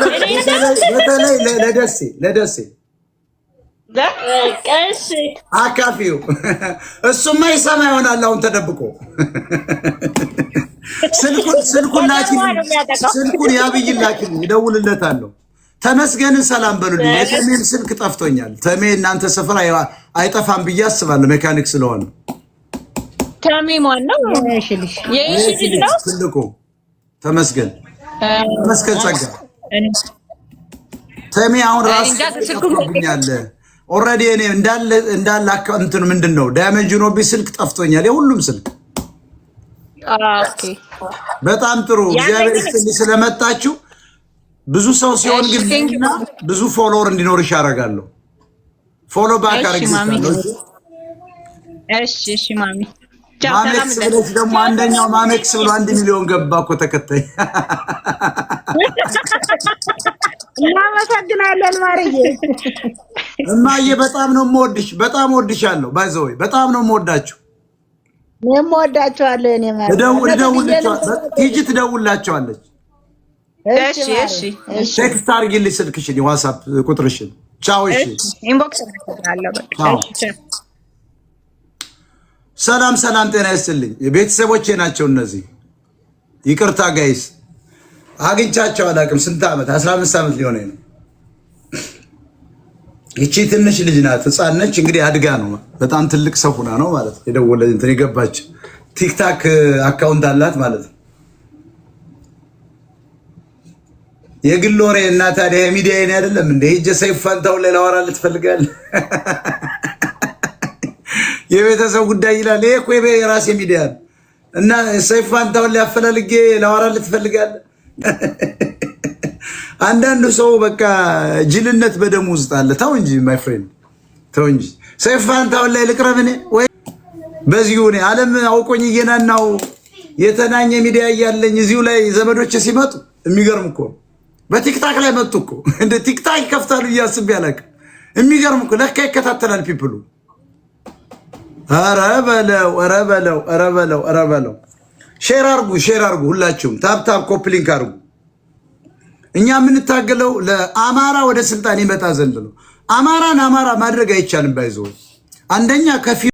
በተለይ ለደሴ ለደሴ አካፊው እሱማ ይሰማ ይሆናል። አሁን ተደብቆ ስልኩን ላኪ፣ ስልኩን ያብይን ላኪ፣ ይደውልለታለሁ። ተመስገንን ሰላም በሉልኝ። የተሜም ስልክ ጠፍቶኛል። ተሜ እናንተ ስፍራ አይጠፋም ብዬ አስባለሁ፣ ሜካኒክ ስለሆነ ተሜ ማነው? ነው ትልቁ ተመስገን መስከል ጸጋ ተሜ አሁን ራስ ያለ ኦልሬዲ እኔ እንዳለ እንዳለ እንትን ምንድን ነው ዳያመጅኖቢ ስልክ ጠፍቶኛል። የሁሉም ስልክ በጣም ጥሩ እግዚአብሔር ይስጥልኝ ስለመጣችሁ። ብዙ ሰው ሲሆን ግን ብዙ ፎሎወር እንዲኖር አደርጋለሁ። ፎሎ ባክ አደርግልሻለሁ። እሺ እሺ ማሚ ማመክስ ብለሽ ደግሞ አንደኛው ማመክስ ብሎ አንድ ሚሊዮን ገባ እኮ ተከታይ። እናመሰግናለን ማርዬ። እማዬ በጣም ነው የምወድሽ፣ በጣም ወድሻለሁ። ባይዘ በጣም ነው የምወዳችሁ። እኔም እኔ ቲጂ ቴክስት ስልክሽን፣ ቁጥርሽን። ቻው። እሺ ኢንቦክስ ሰላም ሰላም፣ ጤና ይስጥልኝ ቤተሰቦቼ ናቸው እነዚህ። ይቅርታ ጋይስ አግኝቻቸው አላውቅም። ስንት ዓመት አስራ ዓመት ሊሆነ ነው። ይቺ ትንሽ ልጅ ናት፣ ህፃን ነች። እንግዲህ አድጋ ነው በጣም ትልቅ ሰው ሁና ነው ማለት የደወለች እንትን የገባች ቲክታክ አካውንት አላት ማለት ነው። የግል ወሬ እና ታዲያ የሚዲያ አይደለም እንደ ሂጅ ሰይፍ ፋንታውን ላይ ላወራ ትፈልጋለህ? የቤተሰብ ጉዳይ ይላል። ይሄ እኮ የራሴ ሚዲያ ነው እና ሰይፉ አንተውን ሊያፈላልጌ ላወራልህ ትፈልጋለህ? አንዳንዱ ሰው በቃ ጅልነት በደሙ ውስጥ አለ። ተው እንጂ ማይ ፍሬንድ ተው እንጂ። ሰይፉ አንተውን ላይ ልቅረብ እኔ ወይ በዚሁ እኔ ዓለም አውቆኝ እየናናው የተናኘ ሚዲያ እያለኝ እዚሁ ላይ ዘመዶች ሲመጡ የሚገርም እኮ በቲክታክ ላይ መጡ እኮ እንደ ቲክታክ ይከፍታሉ እያስብ ያላቅ የሚገርም እኮ ለካ ይከታተላል ፒፕሉ ኧረ በለው ኧረ በለው ኧረ በለው ኧረ በለው። ሼር አርጉ ሼር አርጉ ሁላችሁም ታፕታፕ ኮፕሊንክ አርጉ። እኛ የምንታገለው ለአማራ ወደ ስልጣን ይመጣ ዘንድ ነው። አማራን አማራ ማድረግ አይቻልም። ባይዘው አንደኛ ከፊ